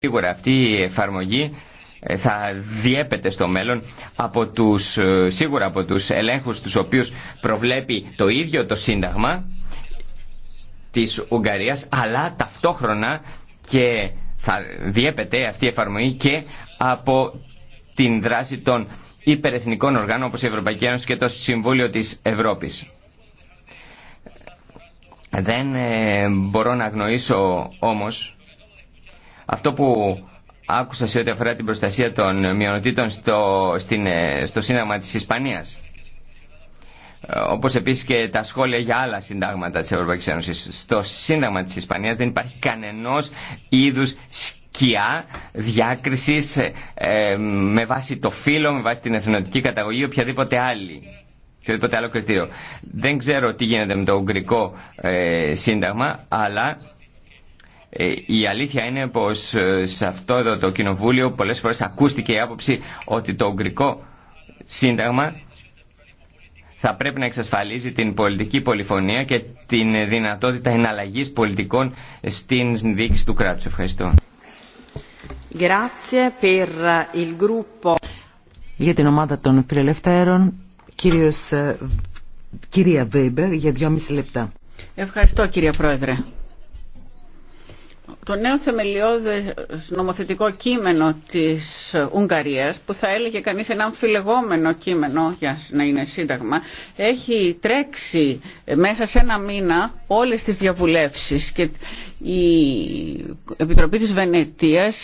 Σίγουρα αυτή η εφαρμογή ε, θα διέπεται στο μέλλον από τους, ε, σίγουρα από τους ελέγχους τους οποίους προβλέπει το ίδιο το Σύνταγμα της Ουγγαρίας αλλά ταυτόχρονα και θα διέπεται αυτή η εφαρμογή και από την δράση των υπερεθνικών οργάνων όπως η Ευρωπαϊκή Ένωση και το Συμβούλιο της Ευρώπης. Δεν ε, μπορώ να γνωρίσω όμως αυτό που άκουσα σε ό,τι αφορά την προστασία των μειονοτήτων στο, στην, ε, στο Σύνταγμα της Ισπανίας ε, όπως επίσης και τα σχόλια για άλλα συντάγματα της Ευρωπαϊκής Ένωσης. Στο Σύνταγμα της Ισπανίας δεν υπάρχει κανενός είδους σκιά διάκρισης ε, με βάση το φύλλο, με βάση την εθνοτική καταγωγή ή οποιαδήποτε άλλη. άλλο κριτήριο. Δεν ξέρω τι γίνεται με το Ουγγρικό Σύνταγμα, αλλά ε, η αλήθεια είναι πως ε, σε αυτό εδώ το κοινοβούλιο πολλές φορές ακούστηκε η άποψη ότι το Ουγγρικό Σύνταγμα θα πρέπει να εξασφαλίζει την πολιτική πολυφωνία και την δυνατότητα εναλλαγής πολιτικών στην διοίκηση του κράτους. Ευχαριστώ. Για την ομάδα των φιλελευθέρων, ε, κυρία Βέιμπερ, για δυόμιση λεπτά. Ευχαριστώ κύριε Πρόεδρε το νέο θεμελιώδες νομοθετικό κείμενο της Ουγγαρίας, που θα έλεγε κανείς ένα αμφιλεγόμενο κείμενο για να είναι σύνταγμα, έχει τρέξει μέσα σε ένα μήνα όλες τις διαβουλεύσεις και η Επιτροπή της Βενετίας